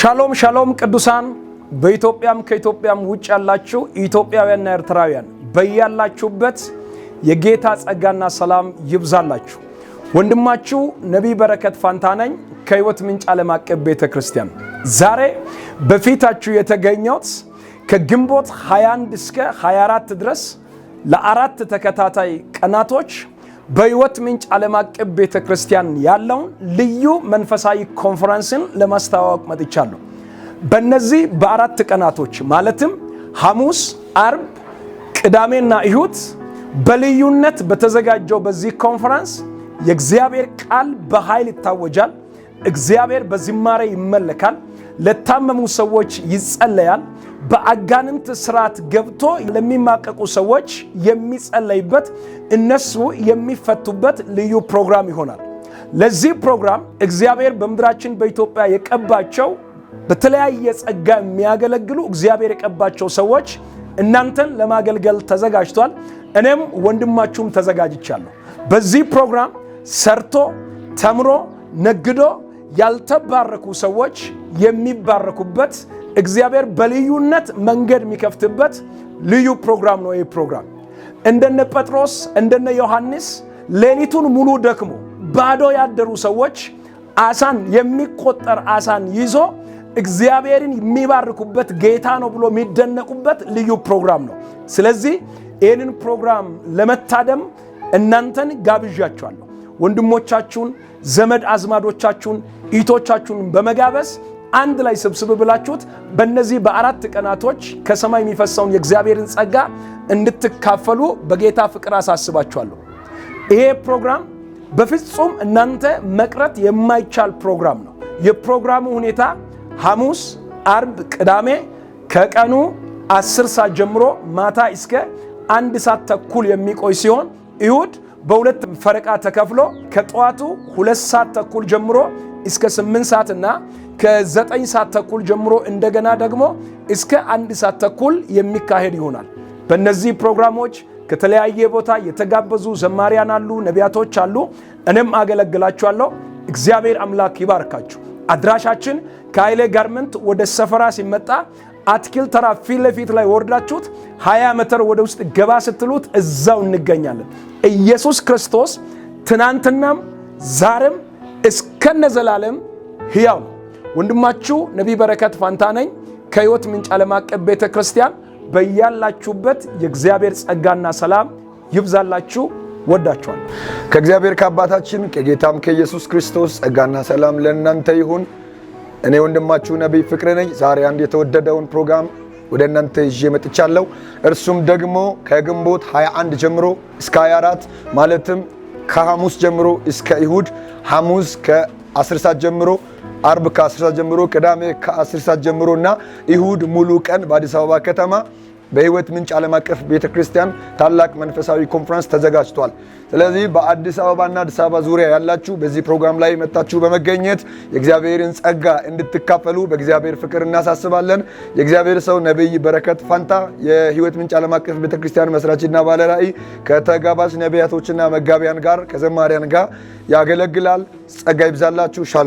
ሻሎም ሻሎም ቅዱሳን በኢትዮጵያም ከኢትዮጵያም ውጭ ያላችሁ ኢትዮጵያውያንና ኤርትራውያን በያላችሁበት የጌታ ጸጋና ሰላም ይብዛላችሁ። ወንድማችሁ ነቢይ በረከት ፋንታ ነኝ ከሕይወት ምንጭ ዓለም አቀፍ ቤተ ክርስቲያን። ዛሬ በፊታችሁ የተገኘሁት ከግንቦት 21 እስከ 24 ድረስ ለአራት ተከታታይ ቀናቶች በሕይወት ምንጭ ዓለም አቀፍ ቤተ ክርስቲያን ያለውን ልዩ መንፈሳዊ ኮንፈረንስን ለማስተዋወቅ መጥቻለሁ። በእነዚህ በአራት ቀናቶች ማለትም ሐሙስ፣ አርብ፣ ቅዳሜና እሁድ በልዩነት በተዘጋጀው በዚህ ኮንፈረንስ የእግዚአብሔር ቃል በኃይል ይታወጃል። እግዚአብሔር በዝማሬ ይመለካል። ለታመሙ ሰዎች ይጸለያል። በአጋንንት ስርዓት ገብቶ ለሚማቀቁ ሰዎች የሚጸለይበት እነሱ የሚፈቱበት ልዩ ፕሮግራም ይሆናል። ለዚህ ፕሮግራም እግዚአብሔር በምድራችን በኢትዮጵያ የቀባቸው በተለያየ ጸጋ የሚያገለግሉ እግዚአብሔር የቀባቸው ሰዎች እናንተን ለማገልገል ተዘጋጅቷል። እኔም ወንድማችሁም ተዘጋጅቻለሁ። በዚህ ፕሮግራም ሰርቶ ተምሮ ነግዶ ያልተባረኩ ሰዎች የሚባረኩበት እግዚአብሔር በልዩነት መንገድ የሚከፍትበት ልዩ ፕሮግራም ነው። ይህ ፕሮግራም እንደነ ጴጥሮስ እንደነ ዮሐንስ ሌሊቱን ሙሉ ደክሞ ባዶ ያደሩ ሰዎች አሳን የሚቆጠር አሳን ይዞ እግዚአብሔርን የሚባርኩበት ጌታ ነው ብሎ የሚደነቁበት ልዩ ፕሮግራም ነው። ስለዚህ ይህንን ፕሮግራም ለመታደም እናንተን ጋብዣችኋለሁ። ወንድሞቻችሁን፣ ዘመድ አዝማዶቻችሁን፣ እህቶቻችሁን በመጋበዝ አንድ ላይ ስብስብ ብላችሁት በእነዚህ በአራት ቀናቶች ከሰማይ የሚፈሰውን የእግዚአብሔርን ጸጋ እንድትካፈሉ በጌታ ፍቅር አሳስባችኋለሁ። ይሄ ፕሮግራም በፍጹም እናንተ መቅረት የማይቻል ፕሮግራም ነው። የፕሮግራሙ ሁኔታ ሐሙስ፣ አርብ፣ ቅዳሜ ከቀኑ አስር ሰዓት ጀምሮ ማታ እስከ አንድ ሰዓት ተኩል የሚቆይ ሲሆን እሁድ በሁለት ፈረቃ ተከፍሎ ከጠዋቱ ሁለት ሰዓት ተኩል ጀምሮ እስከ 8 ሰዓት እና ከ9 ሰዓት ተኩል ጀምሮ እንደገና ደግሞ እስከ አንድ ሰዓት ተኩል የሚካሄድ ይሆናል። በእነዚህ ፕሮግራሞች ከተለያየ ቦታ የተጋበዙ ዘማሪያን አሉ፣ ነቢያቶች አሉ። እኔም አገለግላችኋለሁ። እግዚአብሔር አምላክ ይባርካችሁ። አድራሻችን ከኃይሌ ጋርመንት ወደ ሰፈራ ሲመጣ አትክልት ተራ ፊት ለፊት ላይ ወርዳችሁት 20 ሜትር ወደ ውስጥ ገባ ስትሉት እዛው እንገኛለን። ኢየሱስ ክርስቶስ ትናንትናም ዛሬም እስከነ ዘላለም ሕያው ነው። ወንድማችሁ ነቢይ በረከት ፋንታ ነኝ ከሕይወት ምንጭ ዓለም አቀፍ ቤተ ክርስቲያን። በያላችሁበት የእግዚአብሔር ጸጋና ሰላም ይብዛላችሁ። ወዳችኋል። ከእግዚአብሔር ከአባታችን ከጌታም ከኢየሱስ ክርስቶስ ጸጋና ሰላም ለእናንተ ይሁን። እኔ ወንድማችሁ ነቢይ ፍቅር ነኝ። ዛሬ አንድ የተወደደውን ፕሮግራም ወደ እናንተ ይዤ መጥቻለሁ። እርሱም ደግሞ ከግንቦት 21 ጀምሮ እስከ 24 ማለትም ከሐሙስ ጀምሮ እስከ እሁድ፣ ሐሙስ ከ10 ሰዓት ጀምሮ አርብ ከ10 ሰዓት ጀምሮ ቅዳሜ ከ10 ሰዓት ጀምሮ እና እሁድ ሙሉ ቀን በአዲስ አበባ ከተማ በህይወት ምንጭ ዓለም አቀፍ ቤተ ክርስቲያን ታላቅ መንፈሳዊ ኮንፈረንስ ተዘጋጅቷል። ስለዚህ በአዲስ አበባና አዲስ አበባ ዙሪያ ያላችሁ በዚህ ፕሮግራም ላይ መጣችሁ በመገኘት የእግዚአብሔርን ጸጋ እንድትካፈሉ በእግዚአብሔር ፍቅር እናሳስባለን። የእግዚአብሔር ሰው ነቢይ በረከት ፋንታ የህይወት ምንጭ ዓለም አቀፍ ቤተ ክርስቲያን መስራችና ባለራእይ ከተጋባዥ ነቢያቶችና መጋቢያን ጋር ከዘማሪያን ጋር ያገለግላል። ጸጋ ይብዛላችሁ። ሻሎም